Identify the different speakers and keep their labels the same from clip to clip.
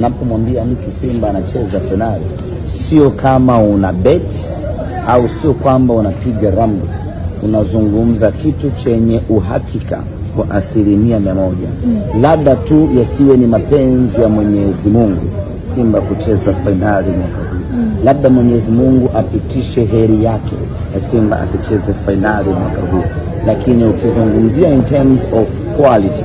Speaker 1: Unapomwambia mtu Simba anacheza fainali, sio kama una bet au sio kwamba unapiga rambu, unazungumza kitu chenye uhakika kwa asilimia mia moja. Mm. Labda tu yasiwe ni mapenzi ya Mwenyezi Mungu Simba kucheza fainali mwaka huu. Mm. Labda Mwenyezi Mungu apitishe heri yake ya Simba asicheze fainali mwaka huu, lakini ukizungumzia in terms of quality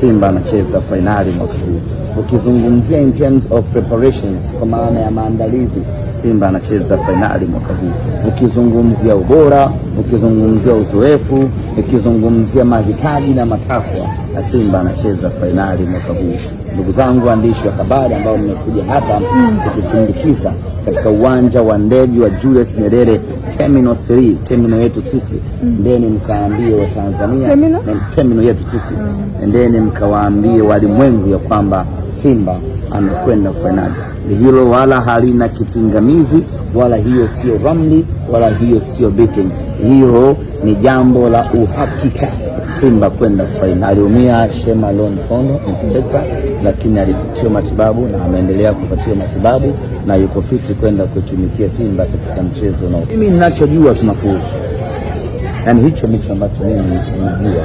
Speaker 1: Simba anacheza fainali mwaka huu. Ukizungumzia in terms of preparations, kwa maana ya maandalizi, Simba anacheza fainali mwaka huu. Ukizungumzia ubora, ukizungumzia uzoefu, ukizungumzia mahitaji na matakwa, na Simba anacheza fainali mwaka huu. Ndugu zangu waandishi wa habari ambao mmekuja hapa hmm. kutusindikiza katika uwanja wa ndege wa Julius Nyerere terminal 3, terminal yetu sisi. Mm. Ndeni mkaambie Watanzania
Speaker 2: na terminal
Speaker 1: yetu sisi, mm. ndeni mkawaambie walimwengu ya kwamba Simba amekwenda fainali. Hilo wala halina kipingamizi, wala hiyo sio ramli, wala hiyo sio betting. Hilo ni jambo la uhakika. Simba kwenda fainali. Aliumia Shema Fondo inspekta, lakini alipatiwa matibabu na ameendelea kupatiwa matibabu na yuko fiti kwenda kuitumikia Simba katika mchezo na mimi ninachojua tunafuzu, yani hicho ndicho ambacho mimi najua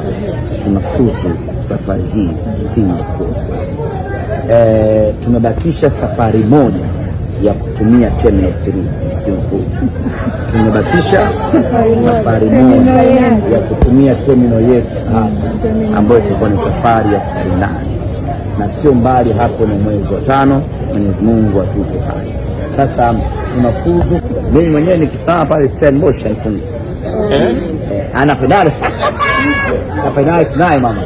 Speaker 1: tunafuzu safari hii Simba Sports e, tumebakisha safari moja ya kutumia terminal 3 Msimu Mkuu. Tumebakisha safari moja ya kutumia terminal yetu hapa ambayo itakuwa ni safari ya safari na sio mbali hapo, ni mwezi wa tano. Mwenyezi Mungu atupe hai. Sasa tunafuzu, mimi mwenyewe nikisama pale Stellenbosch eh? eh, ana pedali na pedali tunaye mama